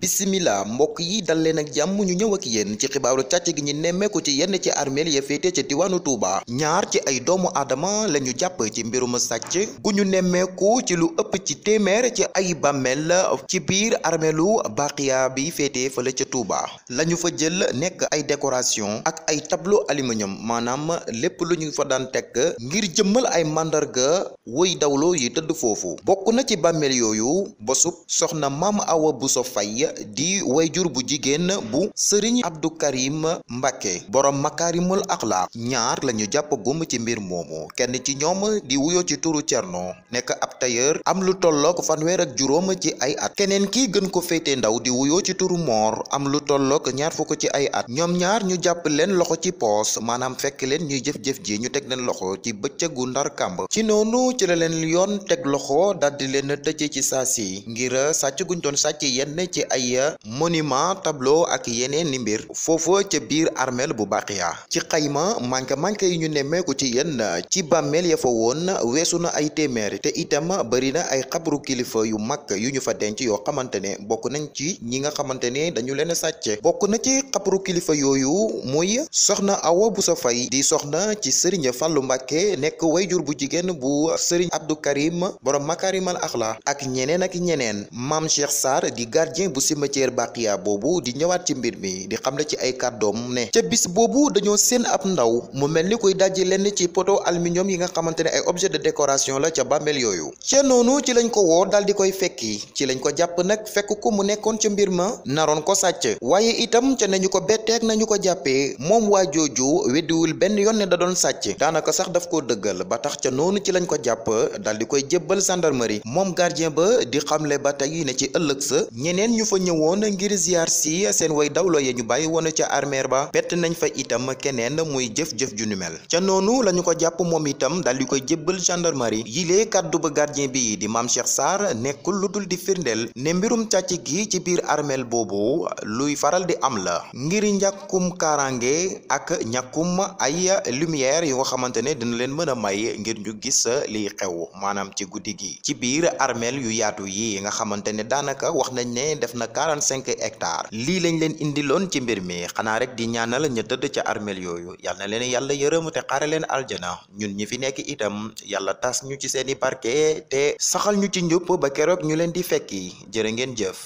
bisimila mbokk yi dal leen ak jàmm ñu ñëw ak yéen ci xibaaru càcc gi ñu nemmeeku ci yenn ci armeel ya féete ca diwaanu Touba ñaar ci ay doomu aadama la ñu jàpp ci mbirum sàcc gu ñu nemmeeku ci lu ëpp ci téeméer ci ay bàmmeel la ci biir armeelu Baqiya bi féete fële ca Touba la ñu fa jël nekk ay décoration ak ay tableau aluminium maanaam lépp lu ñu fa daan teg ngir jëmmal ay màndarga woy dawloo yi tëdd foofu bokk na ci bàmmeel yooyu bosub soxna maam Awa di wayjur bu jigéen bu sëriñ Abdou Karim Mbacke borom makaarimul axlaaq ñaar lañu jàpp gum ci mbir moomu kenn ci ñoom di wuyoo ci turu Cerno nekk ab tailleur am lu tolloog fanweer ak juróom ci ay at keneen kii gën ko féete ndaw di wuyoo ci turu Moor am lu tollook ñaar fukk ci ay at ñoom ñaar ñu jàpp leen loxo ci poos maanaam fekk leen ñuy jëf-jëf ji ñu teg leen loxo ci bëccëgu ndar kàmb ci noonu ci la leen yoon teg loxo daldi leen tëj ci saa ngir ay monument tableau ak yeneen ni mbir foofa ca biir armeel bu baax yaa ci xayma manqué-manqué yi ñu ne nemmeeku ci yenn ci bàmmeel ya fa woon weesu na ay téeméer te itam bari na ay xabru kilifa yu mag yu ñu fa denc yoo xamante ne bokk nañ ci ñi nga xamante ne dañu leen sàcc bokk na ci xabru kilifa yooyu muy soxna Awa Bousso Faye di soxna ci sëriñ Fallou Mbacké nekk wayjur bu jigéen bu sëriñ Abdou Karim borom Makarimal Axla ak ñeneen ak ñeneen Mame Cheikh cimetière Baqiya boobu di ñëwaat ci mbir mi di xamle ci ay kàddoom ne ca bis boobu dañoo seen ab ndaw mu mel ni kuy dajji lenn ci poto aluminium yi nga xamante ne ay objet de décoration la ca bàmmeel yooyu ca noonu ci lañ ko woo daal di koy fekki ci lañ ko jàpp nag fekk ko mu nekkoon ca mbir ma naroon ko sàcc waaye itam ca nañu ko betteeg nañu ko jàppee moom waa jooju weddiwul benn yoon ne da doon sàcc daanaka sax daf koo dëggal ba tax ca noonu ci lañ ko jàpp daal koy jébbal gendarmerie moom gardien fa ñëwoon ngir ziar si seen way dawlo ya ñu bàyyi woon ca armeer ba bett nañ fa itam keneen muy jëf-jëf ju nu mel ca noonu lañu ko jàpp moom itam dal di koy jébbal gendarmerie yilee kàddu ba gardien bi di maam Cheikh saar nekkul lu dul di firndeel ne mbirum càcc gi ci biir armeel boobu luy faral di am la ngir njàkkum kaaraange ak ñàkkum ay lumière yu nga xamante ne dina leen mën a may ngir ñu gis li xew maanaam ci guddi gi ci biir armeel yu yaatu na 45 hectares lii lañ leen indiloon ci mbir mi xanaa rek di ñaanal ña tëdd ca armeel yooyu yal na leen yàlla yërëm te xare leen aljana ñun ñi fi nekk itam yàlla tas ñu ci seeni barke te saxal ñu ci njub ba keroog ñu leen di fekki jërë ngeen jëf